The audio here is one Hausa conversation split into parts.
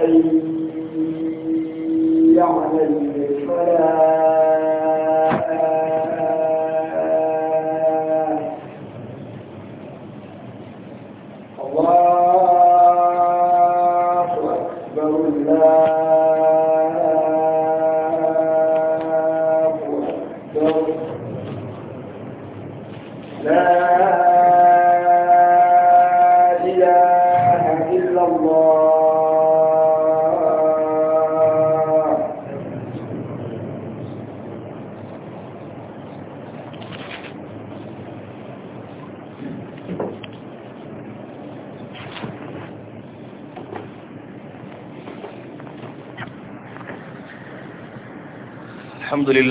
حي على الفلاح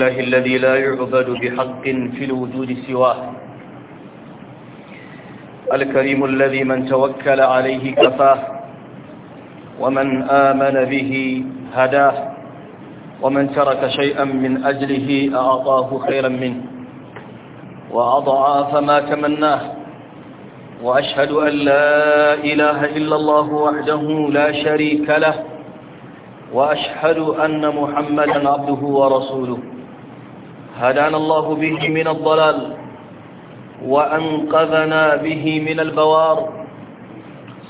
لله الذي لا يعبد بحق في الوجود سواه الكريم الذي من توكل عليه كفاه ومن آمن به هداه ومن ترك شيئا من أجله أعطاه خيرا منه وأضعاف ما تمناه وأشهد أن لا إله إلا الله وحده لا شريك له وأشهد أن محمدا عبده ورسوله هدانا الله به من الضلال وأنقذنا به من البوار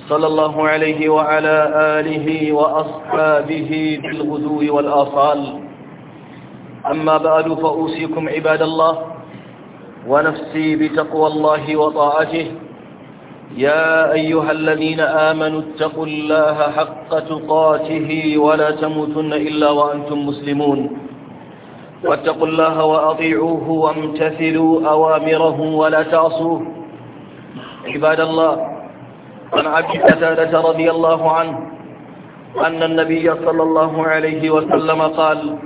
صلى الله عليه وعلى آله وأصحابه الغدو والآصال أما بعد فأوصيكم عباد الله ونفسي بتقوى الله وطاعته يا أيها الذين آمنوا اتقوا الله حق تقاته ولا تموتن إلا وأنتم مسلمون واتقوا الله وأطيعوه وامتثلوا أوامره ولا تعصوه عباد الله عن عبد قتادة رضي الله عنه أن النبي صلى الله عليه وسلم قال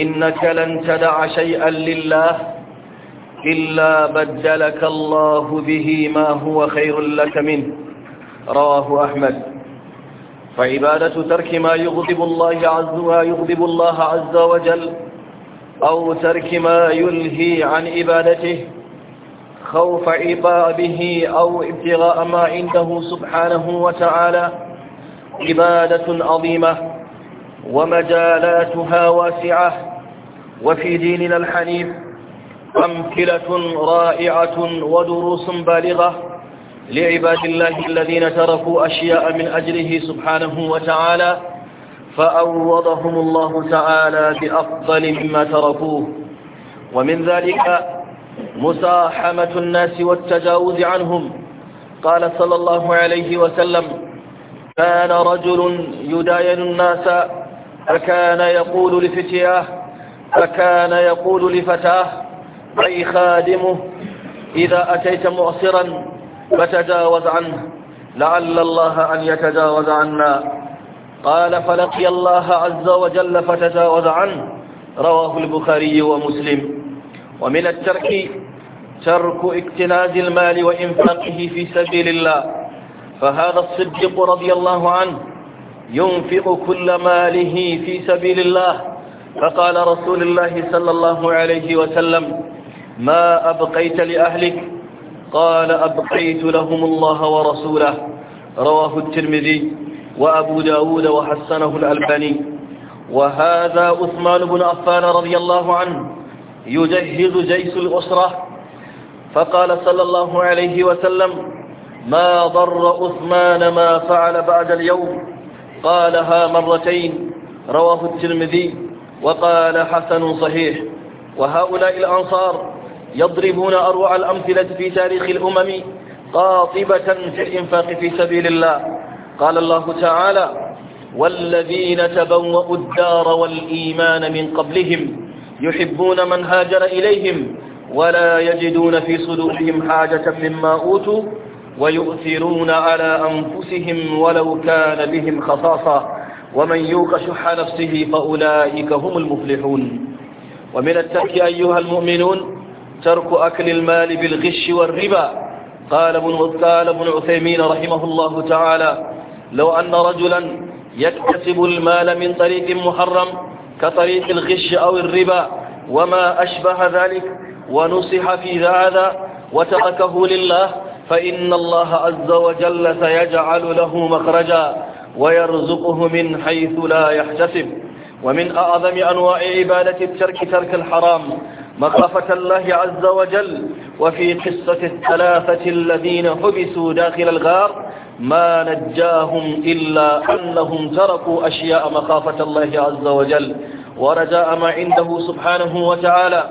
إنك لن تدع شيئا لله إلا بدلك الله به ما هو خير لك منه رواه أحمد فعبادة ترك ما يغضب الله عز ويغضب الله عز وجل أو ترك ما يلهي عن عبادته خوف عقابه أو ابتغاء ما عنده سبحانه وتعالى عبادة عظيمة ومجالاتها واسعة وفي ديننا الحنيف أمثلة رائعة ودروس بالغة لعباد الله الذين تركوا أشياء من أجله سبحانه وتعالى فأوضهم الله تعالى بأفضل مما تركوه ومن ذلك مساحمة الناس والتجاوز عنهم قال صلى الله عليه وسلم كان رجل يداين الناس فكان يقول لفتياه فكان يقول لفتاه أي خادمه إذا أتيت مؤصرا فتجاوز عنه لعل الله أن يتجاوز عنا قال فلقي الله عز وجل فتجاوز عنه رواه البخاري ومسلم ومن الترك ترك اكتناز المال وإنفاقه في سبيل الله فهذا الصديق رضي الله عنه ينفق كل ماله في سبيل الله فقال رسول الله صلى الله عليه وسلم ما أبقيت لأهلك قال أبقيت لهم الله ورسوله رواه الترمذي وأبو داود وحسنه الألباني وهذا أثمان بن عفان رضي الله عنه يجهز جيش الأسرة فقال صلى الله عليه وسلم ما ضر أثمان ما فعل بعد اليوم قالها مرتين رواه الترمذي وقال حسن صحيح وهؤلاء الأنصار يضربون أروع الأمثلة في تاريخ الأمم قاطبة في الإنفاق في سبيل الله قال الله تعالى والذين تبوأوا الدار والإيمان من قبلهم يحبون من هاجر إليهم ولا يجدون في صدورهم حاجة مما أوتوا ويؤثرون على أنفسهم ولو كان بهم خصاصة ومن يوق شح نفسه فأولئك هم المفلحون ومن الترك أيها المؤمنون ترك أكل المال بالغش والربا قال ابن قال ابن عثيمين رحمه الله تعالى لو أن رجلا يكتسب المال من طريق محرم كطريق الغش أو الربا وما أشبه ذلك ونصح في هذا وتركه لله فإن الله عز وجل سيجعل له مخرجا ويرزقه من حيث لا يحتسب ومن أعظم أنواع عبادة الترك ترك الحرام مخافة الله عز وجل وفي قصة الثلاثة الذين حبسوا داخل الغار ما نجاهم إلا أنهم تركوا أشياء مخافة الله عز وجل ورجاء ما عنده سبحانه وتعالى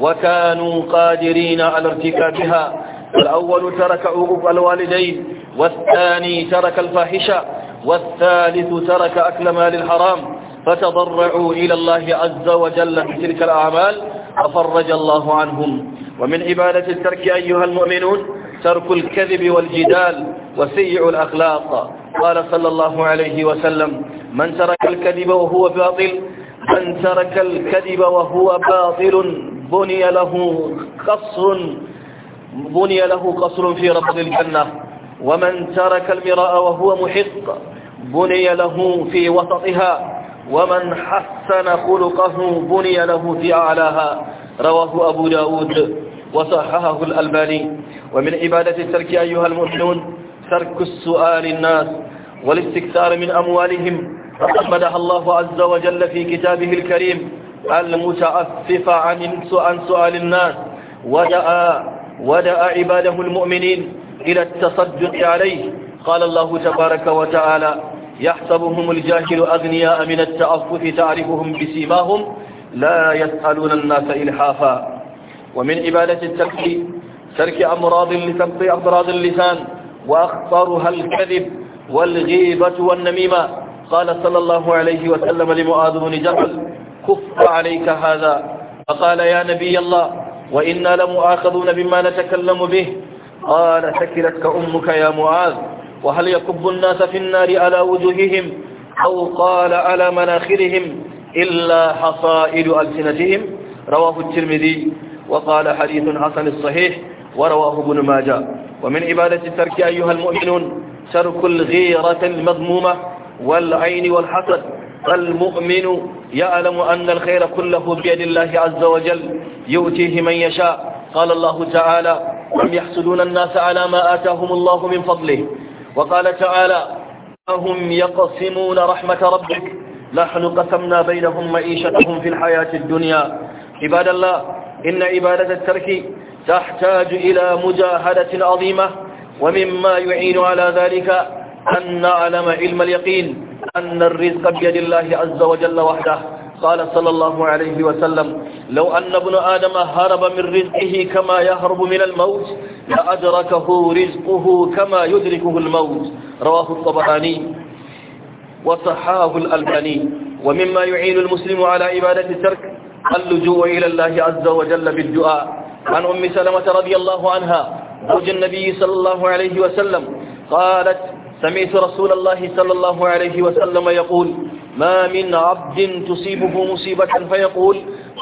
وكانوا قادرين على ارتكابها الأول ترك عقوق الوالدين والثاني ترك الفاحشة والثالث ترك أكل مال الحرام فتضرعوا إلى الله عز وجل في تلك الأعمال ففرج الله عنهم ومن عبادة الترك أيها المؤمنون ترك الكذب والجدال وسيع الأخلاق قال صلى الله عليه وسلم من ترك الكذب وهو باطل من ترك الكذب وهو باطل بني له قصر بني له قصر في رب الجنة ومن ترك المراء وهو محق بني له في وسطها ومن حسن خلقه بني له في أعلاها رواه أبو داود وصححه الألباني ومن عبادة الترك أيها المؤمنون ترك السؤال الناس والاستكثار من أموالهم فقد مدح الله عز وجل في كتابه الكريم المتعفف عن سؤال الناس ودعا ودعا عباده المؤمنين إلى التصدق عليه قال الله تبارك وتعالى يحسبهم الجاهل أغنياء من التعفف تعرفهم بسيماهم لا يسألون الناس إلحافا ومن عبادة الترك ترك أمراض لتقضي أمراض اللسان وأخطرها الكذب والغيبة والنميمة قال صلى الله عليه وسلم لمعاذ بن جبل كف عليك هذا فقال يا نبي الله وإنا لمؤاخذون بما نتكلم به قال شكلتك أمك يا معاذ وهل يكب الناس في النار على وجوههم أو قال على مناخرهم إلا حصائد ألسنتهم رواه الترمذي وقال حديث حسن الصحيح ورواه ابن ماجه ومن عبادة الترك أيها المؤمنون ترك الغيرة المذمومة والعين والحسد المؤمن يعلم أن الخير كله بيد الله عز وجل يؤتيه من يشاء قال الله تعالى أم يحسدون الناس على ما آتاهم الله من فضله وقال تعالى أهم يقسمون رحمة ربك نحن قسمنا بينهم معيشتهم في الحياة الدنيا عباد الله إن عبادة الترك تحتاج إلى مجاهدة عظيمة ومما يعين على ذلك أن نعلم علم اليقين أن الرزق بيد الله عز وجل وحده قال صلى الله عليه وسلم لو أن ابن آدم هرب من رزقه كما يهرب من الموت لأدركه رزقه كما يدركه الموت رواه الطبراني وصحاه الألباني ومما يعين المسلم على عبادة الترك اللجوء إلى الله عز وجل بالدعاء عن أم سلمة رضي الله عنها زوج النبي صلى الله عليه وسلم قالت سمعت رسول الله صلى الله عليه وسلم يقول ما من عبد تصيبه مصيبة فيقول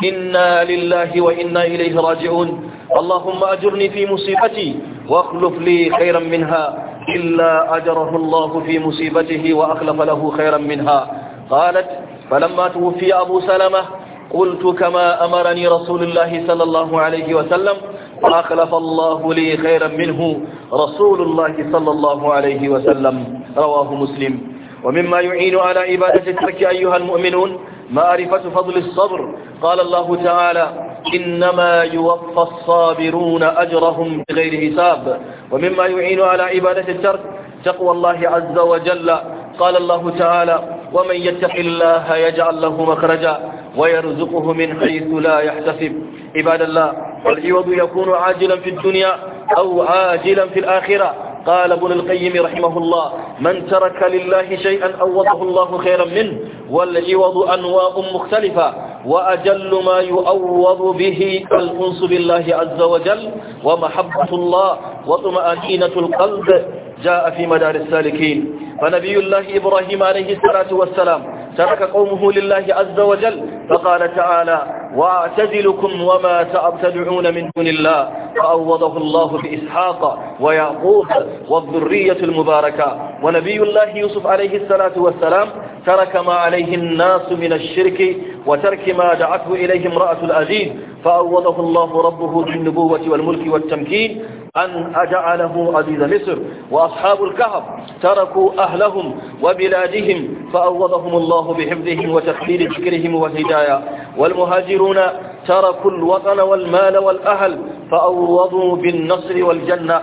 إنا لله وإنا إليه راجعون اللهم أجرني في مصيبتي واخلف لي خيرا منها إلا أجره الله في مصيبته وأخلف له خيرا منها قالت فلما توفي أبو سلمة قلت كما أمرني رسول الله صلى الله عليه وسلم وأخلف الله لي خيرا منه رسول الله صلى الله عليه وسلم رواه مسلم ومما يعين على عبادة الترك أيها المؤمنون معرفة فضل الصبر قال الله تعالى إنما يوفى الصابرون أجرهم بغير حساب ومما يعين على عبادة الترك تقوى الله عز وجل قال الله تعالى ومن يتق الله يجعل له مخرجا ويرزقه من حيث لا يحتسب عباد الله والعوض يكون عاجلا في الدنيا أو عاجلا في الآخرة قال ابن القيم رحمه الله من ترك لله شيئا أوضه الله خيرا منه والعوض أنواع مختلفة وأجل ما يؤوض به الأنس بالله عز وجل ومحبة الله وطمأنينة القلب جاء في مدار السالكين فنبي الله إبراهيم عليه الصلاة والسلام ترك قومه لله عز وجل فقال تعالى وأعتزلكم وما تدعون من دون الله فأوضه الله بإسحاق ويعقوب والذرية المباركة ونبي الله يوسف عليه الصلاة والسلام ترك ما عليه الناس من الشرك وترك ما دعته إليه امرأة العزيز فأوضه الله ربه بالنبوة والملك والتمكين أن أجعله عزيز مصر وأصحاب الكهف تركوا أهلهم وبلادهم فأوضهم الله بحفظهم وتحليل ذكرهم والهداية والمهاجرون تركوا الوطن والمال والأهل فأوضوا بالنصر والجنة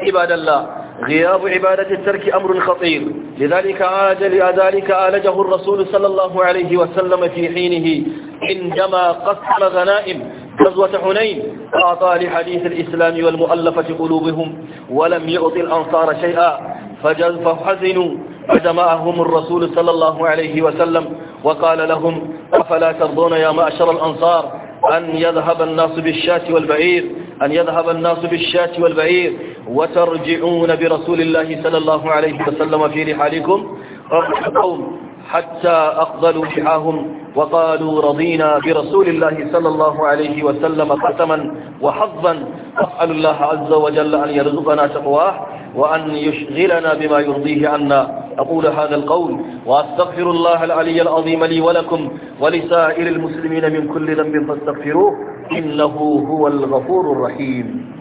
عباد الله غياب عبادة الترك أمر خطير لذلك عاد ذلك آلجه الرسول صلى الله عليه وسلم في حينه عندما قسم غنائم غزوة حنين أعطى لحديث الإسلام والمؤلفة قلوبهم ولم يعطي الأنصار شيئا فحزنوا فجمعهم الرسول صلى الله عليه وسلم وقال لهم أفلا ترضون يا معشر الأنصار أن يذهب الناس بالشاة والبعير أن يذهب الناس بالشاة والبعير وترجعون برسول الله صلى الله عليه وسلم في رحالكم حتى أقبلوا معهم وقالوا رضينا برسول الله صلى الله عليه وسلم قسما وحظا أسأل الله عز وجل أن يرزقنا تقواه وأن يشغلنا بما يرضيه عنا أقول هذا القول وأستغفر الله العلي العظيم لي ولكم ولسائر المسلمين من كل ذنب فاستغفروه إنه هو الغفور الرحيم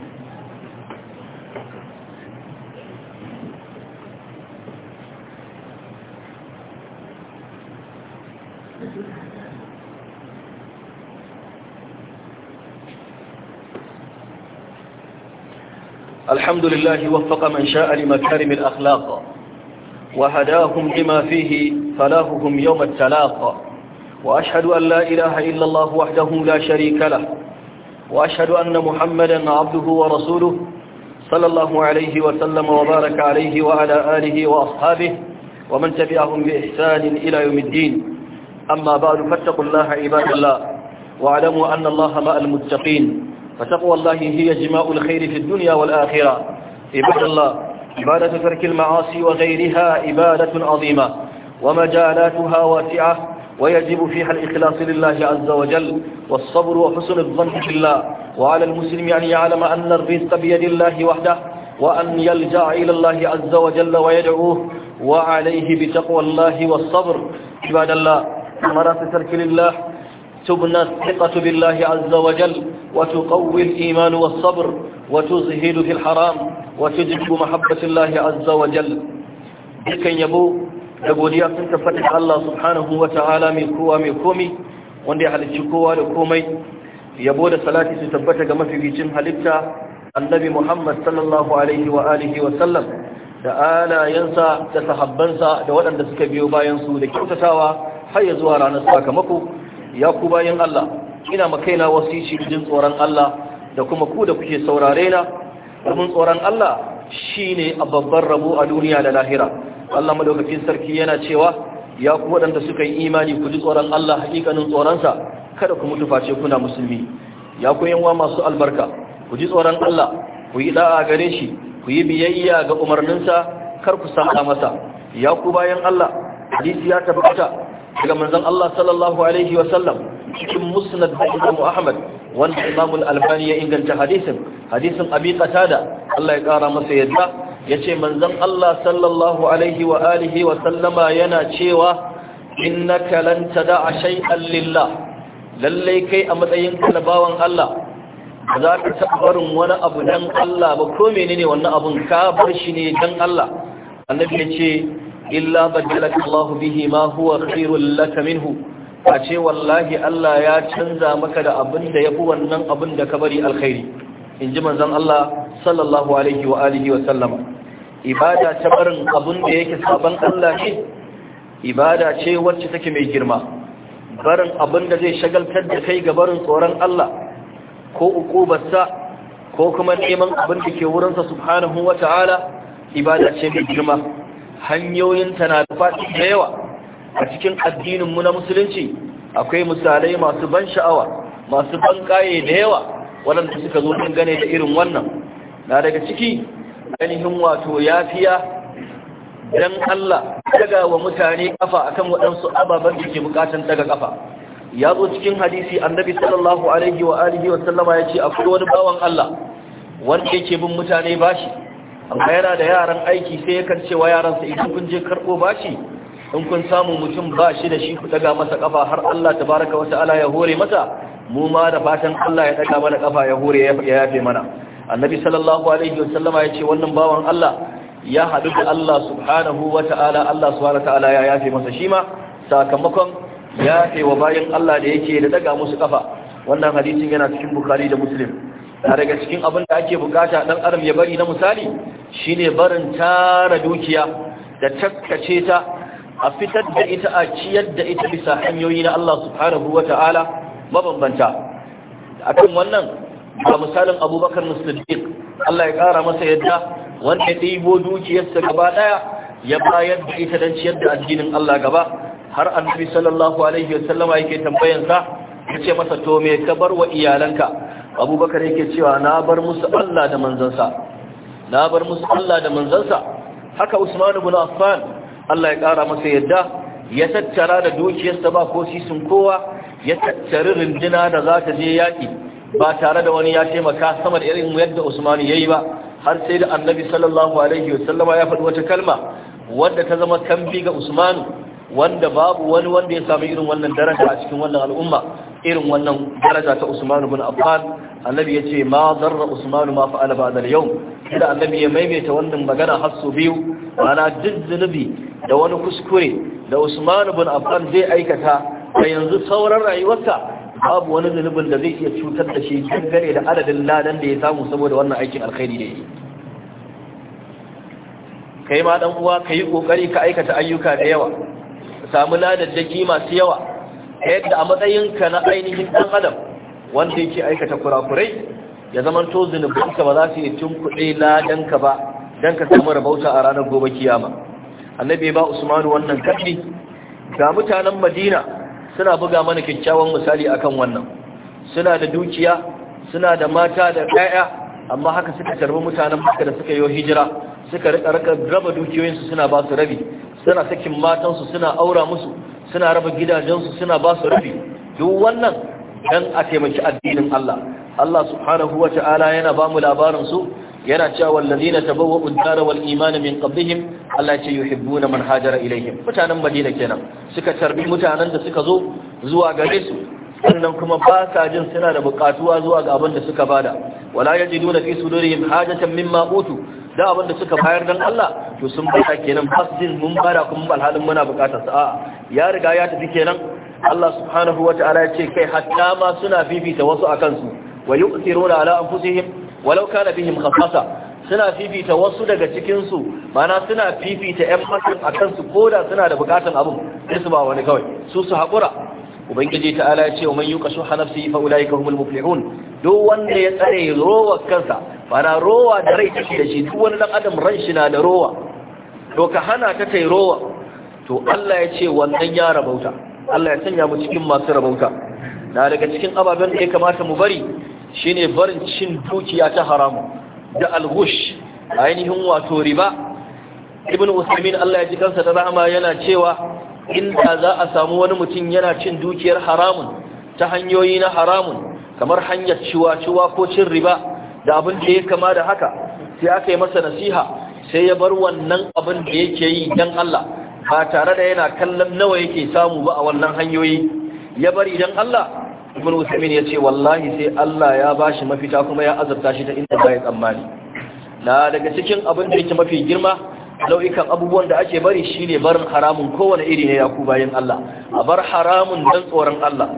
الحمد لله وفق من شاء لمكارم الأخلاق وهداهم لما فيه فلاههم يوم التلاق وأشهد أن لا إله إلا الله وحده لا شريك له وأشهد أن محمدا عبده ورسوله صلى الله عليه وسلم وبارك عليه وعلى آله وأصحابه ومن تبعهم بإحسان إلى يوم الدين أما بعد فاتقوا الله عباد الله واعلموا أن الله مع المتقين فتقوى الله هي جماء الخير في الدنيا والآخرة عباد الله عبادة ترك المعاصي وغيرها عبادة عظيمة ومجالاتها واسعة ويجب فيها الإخلاص لله عز وجل والصبر وحسن الظن بالله وعلى المسلم أن يعلم أن الرزق بيد الله وحده وأن يلجأ إلى الله عز وجل ويدعوه وعليه بتقوى الله والصبر عباد الله مرات ترك لله تبنى الثقة بالله عز وجل وتقوي الإيمان والصبر وتزهد في الحرام وتجلب محبة الله عز وجل dukkan yabo da godiya sun tabbata ga Allah subhanahu wa ta'ala mai kowa mai komi wanda ya halicci kowa da komai yabo da salati su tabbata mafi mafificin halitta annabi Muhammad sallallahu da alayansa da sahabbansa da waɗanda suka biyo bayan su da kyautatawa har ya zuwa ranar sakamako ya ku bayan Allah ina makaina wasici cikin tsoron Allah da kuma ku da kuke saurare na domin tsoron Allah shine a babban rabo a duniya da lahira Allah madaukakin sarki yana cewa ya ku waɗanda suka yi imani ku ji tsoron Allah hakikanin tsoronsa kada ku mutu face kuna musulmi ya ku yanwa masu albarka ku ji tsoron Allah ku yi da'a gare shi ku yi biyayya ga umarninsa kar ku sa masa ya ku bayan Allah hadisi ya tabbata daga manzon Allah sallallahu alaihi wa sallam cikin musnad da Imam Ahmad wanda Imam Al-Albani ya inganta hadisin hadisin Abi Qatada Allah ya kara masa yadda yace manzon Allah sallallahu alaihi wa alihi wa sallama yana cewa innaka lan tada'a shay'an lillah lalle kai a matsayin kalbawan Allah ba za ka taɓa barin wani abu dan Allah ba ko menene wannan abun ka bar shi ne dan Allah annabi ya ce illa badalaka Allah bihi ma huwa khairul laka minhu ce wallahi Allah ya canza maka da abinda yafi wannan abin da ka bari alkhairi inji manzon Allah sallallahu alaihi wa alihi wa sallama ibada ta barin abin da yake saban Allah ce ibada ce wacce take mai girma barin abin da zai shagaltar da kai ga barin tsoron Allah ko ukubarsa ko kuma neman abin da ke wurinsa subhanahu wa ta'ala ibada ce mai girma hanyoyinta na da faɗi da yawa a cikin addininmu na musulunci akwai misalai masu ban sha'awa masu ban kaye da yawa waɗanda suka zo dangane da irin wannan na daga ciki ainihin wato yafiya dan Allah daga wa mutane kafa akan waɗansu ababen da ke bukatan daga kafa ya zo cikin hadisi annabi sallallahu alaihi wa alihi wa sallama ya ce akwai wani bawan Allah wanda yake bin mutane bashi amma yana da yaran aiki sai yakan cewa yaransa idan kun je karɓo bashi in kun samu mutum ba shi da shi ku daga masa kafa har Allah tabaraka wa ta'ala ya hore masa mu ma da fatan Allah ya daga mana kafa ya hore ya yafe mana annabi sallallahu alaihi wa sallama ya ce wannan bawan Allah ya hadu da Allah subhanahu wa ta'ala Allah subhanahu wa ta'ala ya yafe masa shi ma sakamakon yafe wa bayan Allah da yake da daga musu kafa wannan hadisin yana cikin bukhari da muslim da daga cikin abin da ake bukata dan adam ya bari na misali Shi ne barin tara dukiya da taskace ta a fitar da ita a ciyar da ita bisa hanyoyi na Allah subhanahu ta'ala mabambanta kan wannan ga misalin abubakar musulmi Allah ya ƙara masa yadda wanda ya ɗibo dukiyarsa gaba ɗaya ya bayar da ita don ciyar da addinin Allah gaba har annabi sallallahu alaihi wasallama yake tambayansa ya ce masa to me ka bar wa iyalanka abubakar yake cewa na bar musu Allah da manzansa na bar musu Allah da manzansa haka Usman ibn Affan Allah ya kara masa yadda ya tattara da dukiyarsa ba ko sisin kowa ya tattari rindina da za ta je yaki ba tare da wani ya taimaka sama da irin yadda Usman yi ba har sai da Annabi sallallahu alaihi wasallama ya faɗi wata kalma wanda ta zama kambi ga Usman wanda babu wani wanda ya samu irin wannan daraja a cikin wannan al'umma irin wannan daraja ta Usman ibn Affan annabi yace ma zarra Usman ma fa'ala ba'da al-yawm da annabi ya maimaita wannan magana har su biyu ana duk zunubi da wani kuskure da Usman ibn Affan zai aikata da yanzu sauran rayuwarsa babu wani zunubin da zai iya cutar da shi dangane da adadin ladan da ya samu saboda wannan aikin alkhairi da yake kai ma dan uwa kai kokari ka aikata ayyuka da yawa samu ladaddaki masu yawa yadda a matsayinka na ainihin ɗan adam wanda yake aikata kurakurai ya zama to zunubanka ba za su yi tun kuɗi ladanka ba don ka samu rabauta a ranar gobe kiyama annabi ba usmanu wannan kaɗi ga mutanen madina suna buga mana kyakkyawan misali akan wannan suna da dukiya suna da mata da ɗaya amma haka suka tarbi mutanen maka da suka yi hijira suka rika raba dukiyoyinsu suna ba su rabi suna sakin matansu suna aura musu suna raba gidajensu suna ba su duk wannan dan a taimaki addinin Allah Allah subhanahu wa ta'ala yana ba mu labarin su yana cewa wallazina tabawwa'u ad-dara wal imana min qablihim Allah ce yuhibbuna man hajara ilaihim mutanen Madina kenan suka tarbi mutanen da suka zo zuwa gare su sannan kuma ba sa jin suna da bukatuwa zuwa ga abin da suka bada wala yajiduna fi sudurihim hajatan mimma utu da abin da suka bayar dan Allah to sun ta kenan fasdin mun bada kuma alhalin muna bukatar sa a ya riga ya tafi kenan Allah subhanahu wata'ala ya ce kai hatta ma suna fifita wasu akan su wa yu'thiruna ala anfusihim walau kana bihim khassasa suna fifita wasu daga cikin su mana suna fifita ƴan matan akan su koda suna da bukatan abu. sai su ba wani kawai su su hakura ubangiji ta'ala ya ce wa man yuqashu nafsi fa ulaika humul muflihun duk wanda ya tsare rowa kansa bana rowa da rai take da shi duk wani dan adam ran shi na da rowa to ka hana ta kai rowa to Allah ya ce wannan ya rabauta Allah ya sanya mu cikin masu rabauta na daga cikin ababen da ya kamata mu bari shine barin cin dukiya ta haramu da algush ainihin wato riba ibn usaimin Allah ya ji kansa da rahama yana cewa In da za a samu wani mutum yana cin dukiyar haramun ta hanyoyi na haramun kamar hanyar ciwa-ciwa ko cin riba da abin da ya kama da haka sai aka yi masa nasiha sai ya bar wannan abin da yake yi don Allah ba tare da yana kallon nawa yake samu ba a wannan hanyoyi ya bari don Allah ibn usaimin ya ce wallahi sai Allah ya bashi mafita kuma ya azabta shi ta inda ba ya tsammani na daga cikin abin da yake mafi girma nau'ikan abubuwan da ake bari shine barin haramun kowane iri ne ya ku bayan Allah a bar haramun don tsoron Allah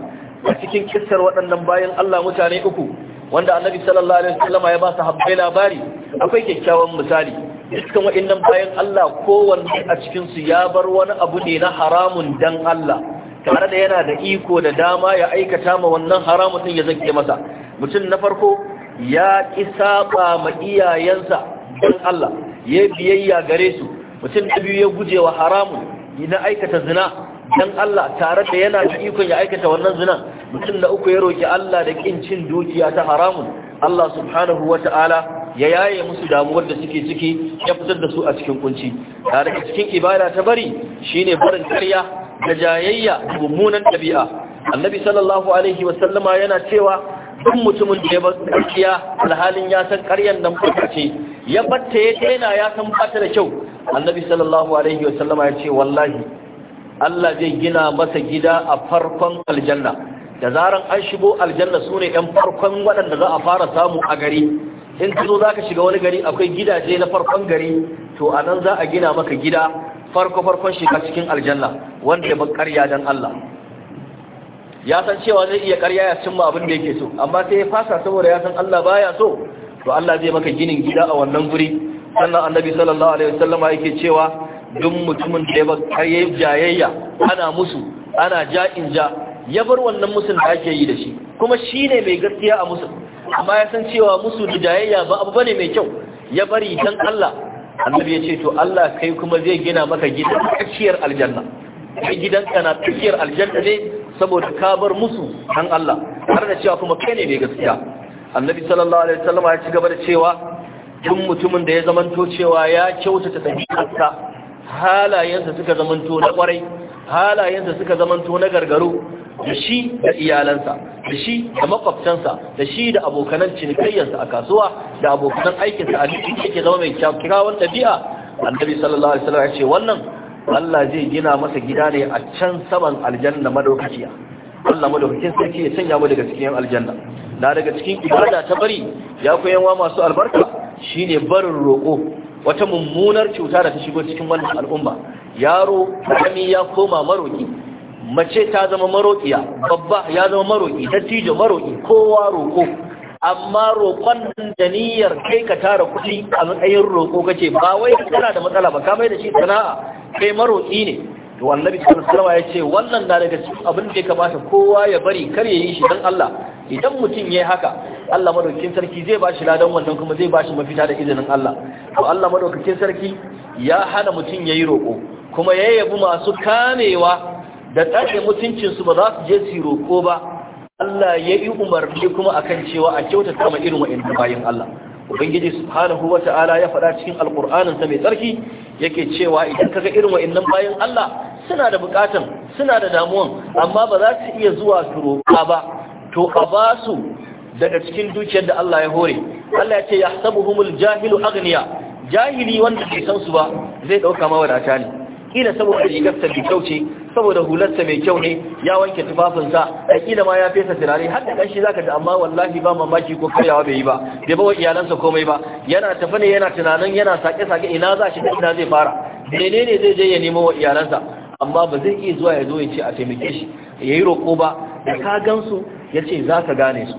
a cikin kistar waɗannan bayan Allah mutane uku wanda annabi sallallahu alaihi wasallam ya ba su labari akwai kyakkyawan misali iskan waɗannan bayan Allah kowanne a cikinsu ya bar wani abu ne na haramun dan Allah tare da yana da iko da dama ya aikata ma wannan haramun din ya zake masa mutum na farko ya ki saba ma iyayensa dan Allah ya biyayya gare su mutum na biyu ya guje wa haramun na aikata zina dan Allah tare da yana da ikon ya aikata wannan zina mutum na uku ya roƙi Allah da kin cin dukiya ta haramun Allah subhanahu ta'ala ya yaye musu damuwar da suke ciki ya fitar da su a cikin kunci tare da cikin ibada ta bari shine barin ƙarya da jayayya da mummunan ɗabi'a annabi sallallahu alaihi sallama yana cewa duk mutumin da ya bar ƙarya alhalin ya san ƙaryan nan kuka ce ya batta ya daina ya san bata da kyau annabi sallallahu alaihi wasallama ya ce wallahi Allah zai gina masa gida a farkon aljanna da zaran an shigo aljanna sune ne ‘yan farkon waɗanda za a fara samu a gari in ka zo za ka shiga wani gari akwai gidaje na farkon gari to a nan za a gina maka gida farko-farkon shiga cikin aljanna wanda ba karya don Allah ya san cewa zai iya karya ya cimma abin da yake so amma sai ya fasa saboda ya san Allah baya so to Allah zai maka ginin gida a wannan guri sannan annabi sallallahu alaihi wasallama yake cewa duk mutumin da ya kai jayayya ana musu ana ja'in ja ya bar wannan musun da ake yi da shi kuma shine mai gaskiya a musu amma ya san cewa musu da jayayya ba abu bane mai kyau ya bari dan Allah annabi ya ce to Allah kai kuma zai gina maka gidan tsakiyar aljanna kai gidanka na tsakiyar aljanna ne saboda ka bar musu dan Allah har da cewa kuma kai ne mai gaskiya annabi sallallahu alaihi wasallam ya ci gaba da cewa duk mutumin da ya zamanto cewa ya kyautata dabi'arsa halayensa suka zamanto na kwarai halayensa suka zamanto na gargaro da shi da iyalansa da shi da makwabtansa da shi da abokanan cinikayyarsa a kasuwa da abokanan aikinsa a cikin yake zama mai kyakkyawan ɗabi'a annabi sallallahu alaihi wasallam ya ce wannan Allah zai gina masa gida ne a can saman aljanna madaukakiya Allah madaukakin sarki ya sanya mu daga cikin aljanna na daga cikin ibada ta bari ya ku yanwa masu albarka shine barin roƙo wata mummunar cuta da ta shigo cikin wannan al'umma yaro kami ya koma maroki mace ta zama marokiya babba ya zama maroki dattijo maroki kowa roƙo amma roƙon da niyyar kai ka tara kuɗi a matsayin roƙo kace ba wai kana da matsala ba ka mai da shi sana'a kai maroki ne to annabi sallallahu alaihi ce wannan na daga cikin abin da ya kamata kowa ya bari kar ya yi shi dan Allah idan mutum yayi haka Allah madaukakin sarki zai bashi ladan wannan kuma zai bashi mafita da izinin Allah to Allah madaukakin sarki ya hana mutum yayi roko kuma ya yabi masu kamewa da tsare mutuncin su ba za su je su roko ba Allah ya yi umarni kuma akan cewa a kyautata ma irin wa'in bayin Allah ubangiji subhanahu wata'ala ya faɗa cikin alƙur'anin sa mai tsarki yake cewa idan kaga irin wa'annan bayan Allah suna da bukatan suna da damuwan amma ba za su iya zuwa su roƙa ba to a ba su daga cikin dukiyar da Allah ya hore Allah ya ce yahsabuhumul jahilu aghniya jahili wanda bai san su ba zai dauka wadata ne kila saboda rigarsa mai kyau ce saboda hularsa mai kyau ne ya wanke tufafinsa a kila ma ya fesa turare har da kanshi zaka ji amma wallahi ba mamaki ko karyawa bai yi ba bai bawa iyalansa komai ba yana tafi yana tunanin yana sake sake ina za shi ina zai fara menene zai je ya nemo wa iyalansa amma ba zai iya zuwa ya zo ya ce a taimake shi yayi roƙo ba da ka gansu ya ce za ka gane su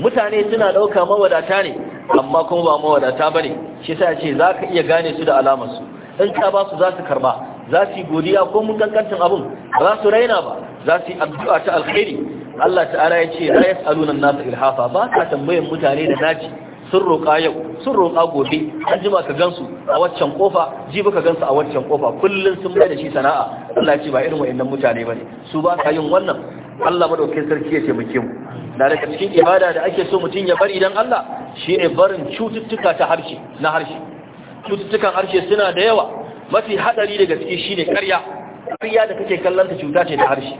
mutane suna ɗauka mawadata ne amma kuma ba mawadata ba ne shi ya ce za ka iya gane su da alamarsu in ka ba su za su karba za su godiya ko mun kankancin abin ba su raina ba za su addu'a ta alkhairi Allah ta'ala ya ce la yas'aluna an-nasa ilhafa ba ka tambayan mutane da naci sun roƙa yau sun roƙa gobe an jima ka gansu a waccan kofa ba ka gansu a waccan kofa kullun sun mai da shi sana'a Allah ya ce ba irin wayannan mutane bane su ba ka yin wannan Allah madaukakin sarki ya taimake mu da daga cikin ibada da ake so mutum ya bari dan Allah shi ne barin cututtuka ta harshe na harshe cututtukan harshe suna da yawa mafi hadari daga ciki ne karya. Karya da kake kallon ta cuta ce da harshe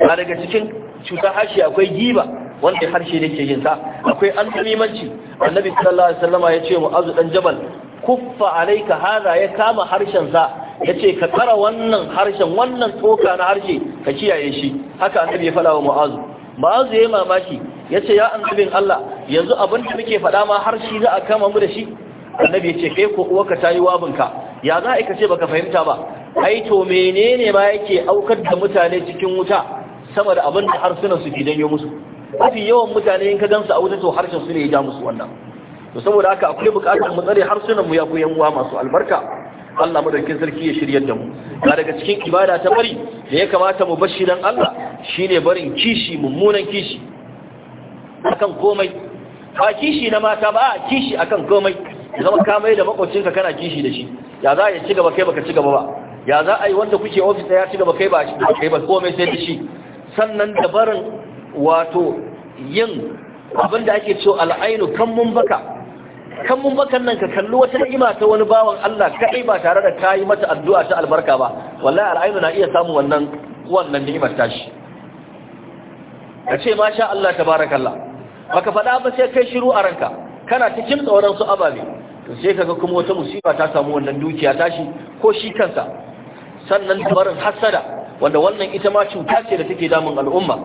ba daga cikin cutar harshe akwai giba wanda harshe ne ke yin sa akwai annabimanci annabi sallallahu alaihi wasallama ya ce mu'azu dan jabal kuffa alayka hada ya kama harshen sa ya ce ka tsara wannan harshen wannan tsoka na harshe ka kiyaye shi haka annabi ya faɗa wa mu'azu mu'azu ya yi mamaki ya ce ya annabin Allah yanzu abin da muke faɗa ma harshe za a kama mu da shi annabi ya ce kai ko uwarka ta yi wabinka ya za a ce baka fahimta ba ai to menene ba yake aukar da mutane cikin wuta sama da abin da harsunan su gidan ya musu mafi yawan mutane in ka gansu a wuta to harshen su ne ya ja musu wannan to saboda haka akwai bukatar mu tsare harsunan mu ya ku yanwa masu albarka Allah madaukin sarki ya shirya da mu na daga cikin ibada ta bari da ya kamata mu bashi dan Allah shine barin kishi mummunan kishi akan komai ba kishi na mata ba kishi akan komai ya zama kamar da makwacinka kana kishi da shi ya za a ci gaba kai baka ci gaba ba ya za a yi wanda kuke ofis ya ci gaba kai ba kai ba komai sai da shi sannan dabarin wato yin abin da ake cewa al'ainu kan mun baka kan mun bakan nan ka kalli wata ni'ima ta wani bawan Allah kai ba tare da kayi mata addu'a ta albarka ba wallahi al'ainu na iya samu wannan wannan ni'imar shi. ka ce masha Allah tabarakallah baka faɗa ba sai kai shiru a ranka kana cikin tsoron su ababe to sai kaga kuma wata musiba ta samu wannan dukiya tashi ko shi kansa sannan barin hasada wanda wannan ita ma cuta ce da take damun al'umma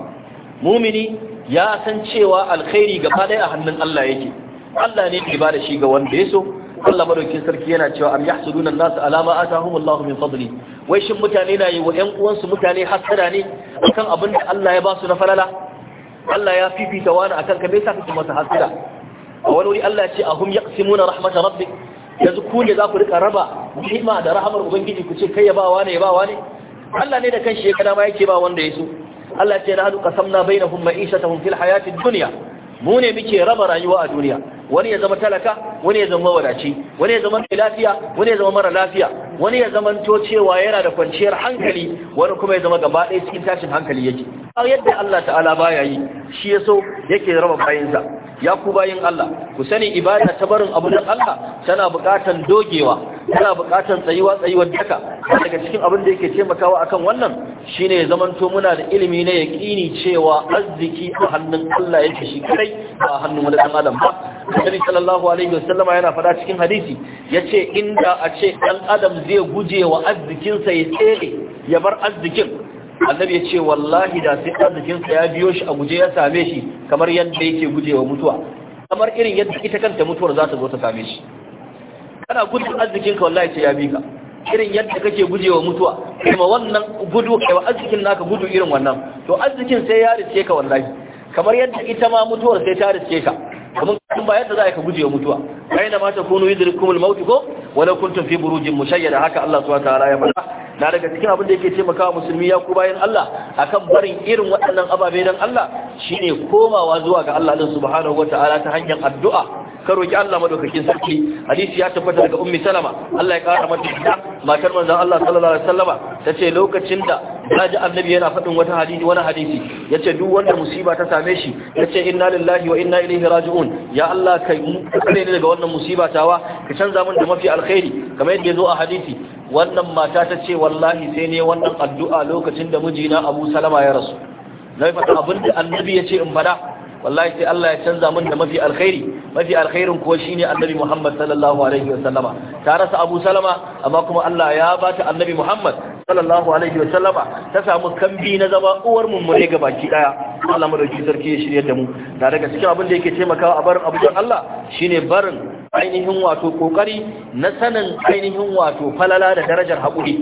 mumini ya san cewa alkhairi gaba ɗaya a hannun Allah yake Allah ne ke bada shi ga wanda ya so Allah madaukin sarki yana cewa am yahsuduna an-nas ala ma atahum Allah min fadli wai shin mutane na yi wa ƴan uwansu mutane hasada ne akan abin da Allah ya ba su na falala Allah ya fifita wani akan ka bai sa kake masa hasada a wani wuri Allah ce ahum na rahmatar rabbik yanzu ku ne za ku rika raba ni'ima da rahamar ubangiji ku ce kai ya ba wane ya ba wane Allah ne da kanshi ya kada ma yake ba wanda ya so Allah ce na hadu qasamna isa ta fil hayatid duniya mu ne muke raba rayuwa a duniya wani ya zama talaka wani ya zama wadaci wani ya zama mai lafiya wani ya zama mara lafiya wani ya zama to cewa yana da kwanciyar hankali wani kuma ya zama gaba ɗaya cikin tashin hankali yake har yadda Allah ta'ala ya yi shi yaso yake raba bayansa ya ku bayin Allah ku sani ibada ta barin abun Allah tana bukatan dogewa tana bukatan tsayuwa tsayuwar daka daga cikin abin da yake taimakawa akan wannan shine ya zamanto muna da ilimi na yaƙini cewa arziki a hannun Allah yake shi kai ba hannun wani dan adam ba Annabi sallallahu alaihi wasallama yana faɗa cikin hadisi yace inda a ce dan adam zai guje wa arzikin sa ya tsere ya bar arzikin annabi ya ce wallahi da sai arzikinsa ya biyo shi a guje ya same shi kamar yadda yake wa mutuwa kamar irin yadda ita kanta mutuwar za ta zo ta same shi kana gudun arzikinka wallahi ce ya bi ka irin yadda kake guje wa mutuwa kuma wannan gudu kaiwa arzikin naka gudu irin wannan to arzikin sai ya riske ka wallahi kamar yadda ita ma mutuwar sai ta riske ka kuma kan ba yadda za ka guje wa mutuwa kai da ta kunu yudrikumul maut ko Wani kuntun fi burujin mushayyada haka Allah subhanahu wataala ya faɗa na daga cikin abin da yake taimakawa musulmi ya ku bayan Allah akan barin irin waɗannan ababe dan Allah shine komawa zuwa ga Allah din subhanahu ta hanyar addu'a ka roki Allah madaukakin sarki hadisi ya tabbata daga ummi salama Allah ya kara mata da matar manzon Allah sallallahu alaihi wasallama tace lokacin da naji annabi yana faɗin wata hadisi wani hadisi yace duk wanda musiba ta same shi yace inna lillahi wa inna ilaihi raji'un ya Allah kai mu kare ni daga wannan musiba tawa ka canza min da mafi alkhairi kamar yadda yazo a hadisi wannan mata ta ce wallahi sai ne wannan addu'a lokacin da mijina Abu Salama ya rasu na faɗa abin da annabi ya ce in faɗa wallahi sai Allah ya canza min da mafi alkhairi mafi alkhairin kuwa shine annabi Muhammad sallallahu alaihi wasallama ta rasa Abu Salama amma kuma Allah ya bata annabi Muhammad sallallahu alaihi wasallama ta samu kambi na zama uwar mummune ga baki daya Allah madauki sarki ya shirye da mu da daga cikin abin da yake taimakawa a barin abujan Allah shine barin ainihin wato kokari na sanin ainihin wato falala da darajar haƙuri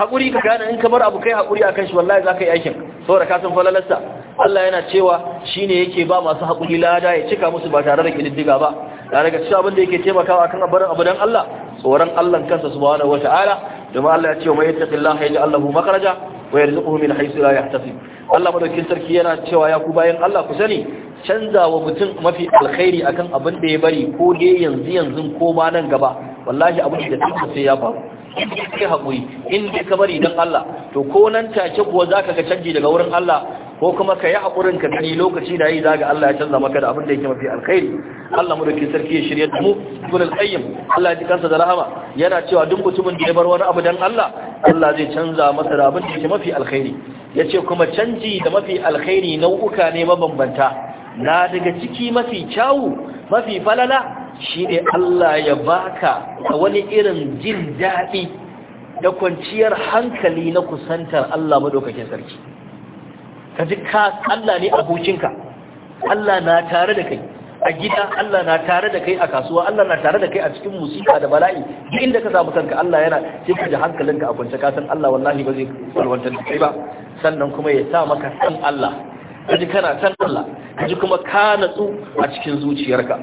haƙuri ka gane in ka bar abu kai haƙuri akan shi wallahi zaka yi aikin saboda ka san falalarsa Allah yana cewa shine yake ba masu haƙuri lada ya cika musu ba tare da kididdiga ba da daga cikin abin da yake taimakawa akan abarin abu dan Allah tsoron Allah kansa subhanahu wataala domin Allah ya ce wa yattaqillaha yaj'al lahu makhraja wa yarzuquhu min haythu la yahtasib Allah madaukin sarki yana cewa ya ku bayan Allah ku sani canzawa mutum mafi alkhairi akan abin da ya bari ko dai yanzu yanzu ko ba nan gaba wallahi abin da take sai ya faru inda kai haƙuri inda ka bari don Allah to ko nan take kuwa za ka ga canji daga wurin Allah ko kuma ka yi haƙurin ka gani lokaci da yi zaga? Allah ya canza maka da abin da yake mafi alkhairi Allah mu da sarki ya shirya mu ibn qayyim Allah ya ji kansa da rahama yana cewa duk mutumin da ya bar wani abu dan Allah Allah zai canza masa da abin da yake mafi alkhairi yace kuma canji da mafi alkhairi nau'uka ne mabambanta na daga ciki mafi kyawu mafi falala shi ne Allah ya baka da wani irin jin daɗi da kwanciyar hankali na kusantar Allah maɗaukakin sarki ka ji ka Allah ne abokinka Allah na tare da kai a gida Allah na tare da kai a kasuwa Allah na tare da kai a cikin musika da bala'i duk inda ka samu kanka Allah yana sai ka ji hankalinka a kwance ka san Allah wallahi ba zai salwantar da kai ba sannan kuma ya sa maka san Allah kaji kana san Allah kaji kuma ka natsu a cikin zuciyarka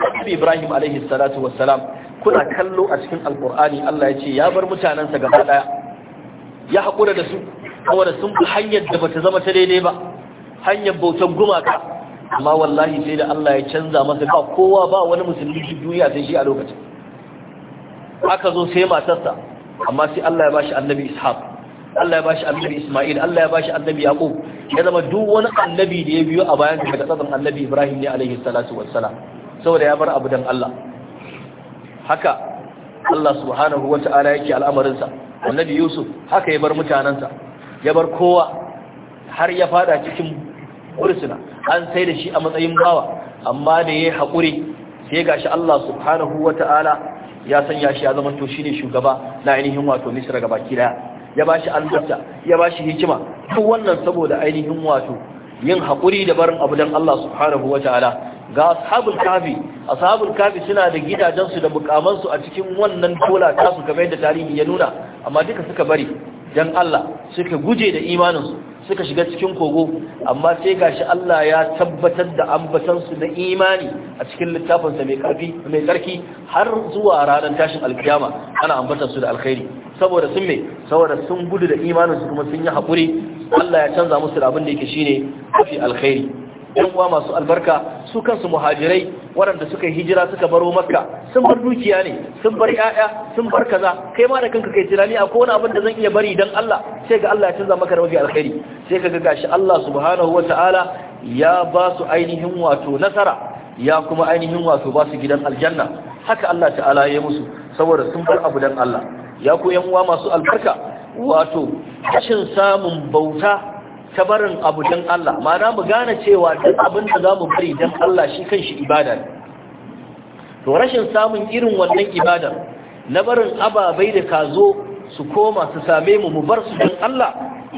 abu ibrahim alaihi salatu wassalam kuna kallo a cikin alqur'ani Allah ya ce ya bar mutanansa gaba daya ya hakura da su saboda sun bi hanyar da bata zama ta daidai ba hanyar bautan gumaka amma wallahi sai da Allah ya canza masa ba kowa ba wani musulmi duniya sai shi a lokacin aka zo sai matarsa amma sai Allah ya bashi annabi ishaq Allah ya bashi annabi Ismail Allah ya bashi annabi Yaqub ya zama duk wani annabi da ya biyo a bayan daga tsadan annabi Ibrahim ne alaihi salatu wassalam saboda ya bar abu dan Allah haka Allah subhanahu ta'ala yake al'amarinsa annabi Yusuf haka ya bar mutanansa ya bar kowa har ya fada cikin kursuna an sai da shi a matsayin bawa amma da yayi haƙuri, sai gashi Allah subhanahu ta'ala ya sanya shi ya zama to shine shugaba na ainihin wato Misra gaba daya ya bashi albarka ya bashi hikima duk wannan saboda ainihin wato yin hakuri da barin abu dan Allah subhanahu ta'ala. ga ashabul kafi ashabul kafi suna da gidajensu da bukamansu a cikin wannan kola tasu kamar yadda tarihi ya nuna amma duka suka bari dan Allah suka guje da imaninsu suka shiga cikin kogo amma sai gashi Allah ya tabbatar da ambatansu na imani a cikin littafinsa mai karfi mai tsarki har zuwa ranar tashin alkiyama ana ambatan su da alkhairi saboda sun me saboda sun gudu da imaninsu kuma sun yi haƙuri Allah ya canza musu da abin da yake shine kafi alkhairi yan uwa masu albarka su kansu muhajirai waɗanda suka hijira suka baro makka sun bar dukiya ne sun bar ƴaƴa, sun bar kaza kai ma da kanka kai tunani a wani abin da zan iya bari dan Allah sai ga Allah ya canza maka da mafi alkhairi sai ka ga gashi Allah subhanahu wa ta'ala ya ba su ainihin wato nasara ya kuma ainihin wato ba su gidan aljanna haka Allah ta'ala ya musu saboda sun bar abu dan Allah ya ku yan uwa masu albarka wato rashin samun bauta ta barin abu don Allah mana mu gane cewa duk abinda da za mu bari don Allah shi kan shi ibada ne to rashin samun irin wannan ibada, na barin ababai da ka zo su koma su same mu mu bar su don Allah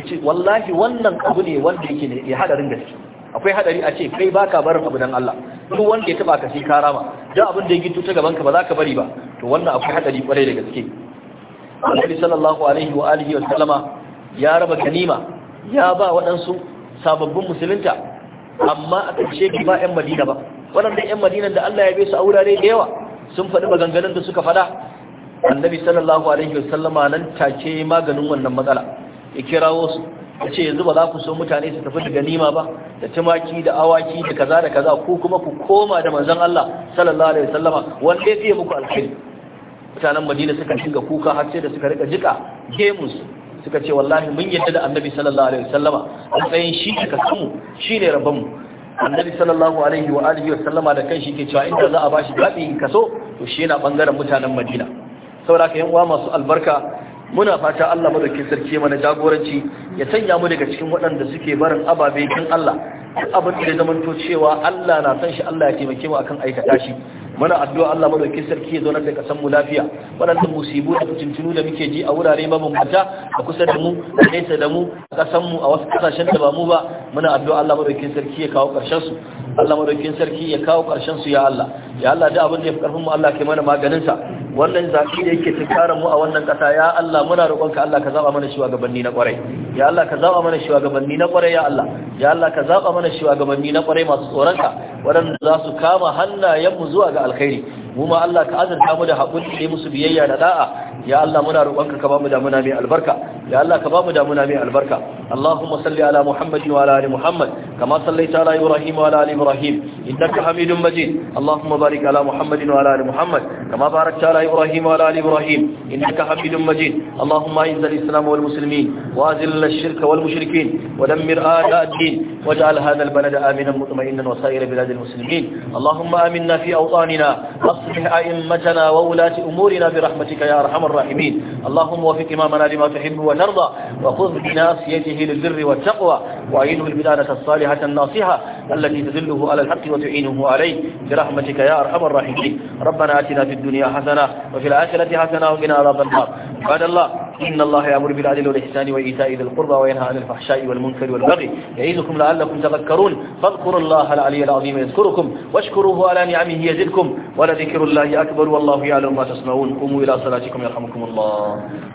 ce wallahi wannan abu ne wanda yake ne hadarin gaske akwai hadari a ce kai baka barin abu don Allah duk wanda ya taba ka sai ka rama duk abin da ya gito ta gaban ka ba za ka bari ba to wannan akwai hadari kwarai da gaske Annabi sallallahu alaihi wa alihi wa sallama ya raba ganima ya ba waɗansu sababbin musulunta amma a ƙarshe ba 'yan madina ba waɗanda 'yan madina da Allah ya bai su a wurare da yawa sun faɗi maganganun da suka faɗa annabi sallallahu alaihi wasallama nan take maganin wannan matsala ya kirawo su ya ce yanzu ba za ku so mutane su tafi da Nima ba da tumaki da awaki da kaza da kaza ko kuma ku koma da manzon Allah sallallahu alaihi wasallama wanda ya fiye muku alkhairi mutanen madina suka shiga kuka har sai da suka rika jika gemus suka ce wallahi mun yadda da annabi sallallahu alaihi wasallama matsayin shi ka kasu shi ne rabon mu annabi sallallahu alaihi wa alihi wasallama da kanshi ke cewa inda za a bashi zabi kaso to shi yana bangaren mutanen Madina saboda ka yan uwa masu albarka muna fata Allah madaukakin sarki mana jagoranci ya sanya mu daga cikin waɗanda suke barin ababe tun Allah abin da ya zamanto cewa Allah na san shi Allah ya taimake mu akan aikata shi muna addu'a Allah madaukakin sarki ya zaunar da kasan mu lafiya waɗannan musibu da tuntunu da muke ji a wurare mabambanta a kusa da mu a nesa da mu a kasan mu a wasu kasashen da ba mu ba muna addu'a Allah madaukakin sarki ya kawo ƙarshen su Allah madaukin sarki ya kawo ƙarshen su ya Allah ya Allah da abin da yafi karfin mu Allah ke mana maganin sa wannan zaki da yake tukara mu a wannan kasa ya Allah muna roƙonka Allah ka zaba mana shugabanni na ƙwarai. ya Allah ka zaba mana shugabanni na ƙwarai. ya Allah ya Allah ka zaba mana shugabanni na ƙwarai masu tsoronka waɗanda za su kama hannayen mu zuwa ga alkhairi mu ma Allah ka azurta mu da haƙuri da musu biyayya da da'a ya Allah muna roƙonka ka bamu damuna mai albarka ya Allah ka bamu damuna mai albarka Allahumma salli ala Muhammad wa ala ali Muhammad kama sallaita ala Ibrahim wa ala ali Ibrahim innaka Hamidum Majid Allahumma barik ala Muhammad wa ala ali Muhammad kama barakta ala Ibrahim wa ala ali Ibrahim innaka Hamidum Majid Allahumma izz al-islam wal muslimin wa azil ash-shirka wal mushrikeen wa dammir a'da ad-din waj'al hadha al-balada aminan mutma'innan wa sa'ira bilad al-muslimin Allahumma aminna fi awtanina وأصلح أئمتنا وولاة أمورنا برحمتك يا أرحم الراحمين اللهم وفق إمامنا لما تحب وترضى وخذ بناصيته للبر والتقوى وأعينه البلادة الصالحة الناصحة التي تدله على الحق وتعينه عليه برحمتك يا أرحم الراحمين ربنا آتنا في الدنيا حسنة وفي الآخرة حسنة وقنا عذاب النار عباد الله إن الله يأمر بالعدل والإحسان وإيتاء ذي القربى وينهى عن الفحشاء والمنكر والبغي يعيذكم لعلكم تذكرون فاذكروا الله العلي العظيم يذكركم واشكروه على نعمه يزدكم ولذكر الله أكبر والله يعلم ما تصنعون قوموا إلى صلاتكم يرحمكم الله